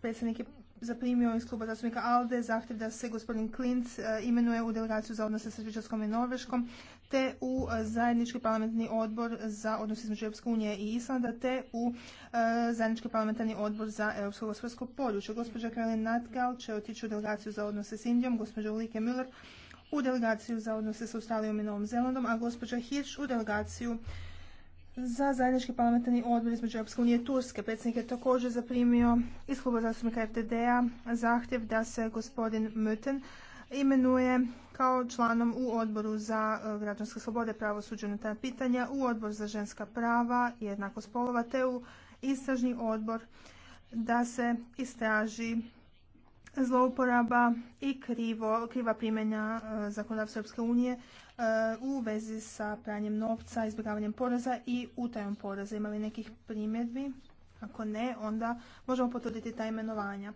Predsjednik je zaprimio iz kluba zastupnika ALDE zahtjev da se gospodin Klint e, imenuje u delegaciju za odnose sa Švičarskom i Norveškom te u e, zajednički parlamentarni odbor za odnose između Europske unije i Islanda te u e, zajednički parlamentarni odbor za europsko gospodarsko područje. Gospođa Karolin Natgal će otići u delegaciju za odnose s Indijom, gospođa Ulrike Müller u delegaciju za odnose sa Australijom i Novom Zelandom, a gospođa Hirsch u delegaciju za zajednički parlamentarni odbor između Europske unije i Turske. Predsjednik je također zaprimio iz kluba zastupnika fdd zahtjev da se gospodin Möten imenuje kao članom u odboru za e, građanske slobode, pravosuđe ta pitanja, u odbor za ženska prava i jednakost spolova, te u istražni odbor da se istraži zlouporaba i krivo, kriva primjenja e, zakonodavstva Europske unije e, u vezi sa pranjem novca, izbjegavanjem poreza i utajom poreza. Imali nekih primjedbi? Ako ne, onda možemo potvrditi ta imenovanja.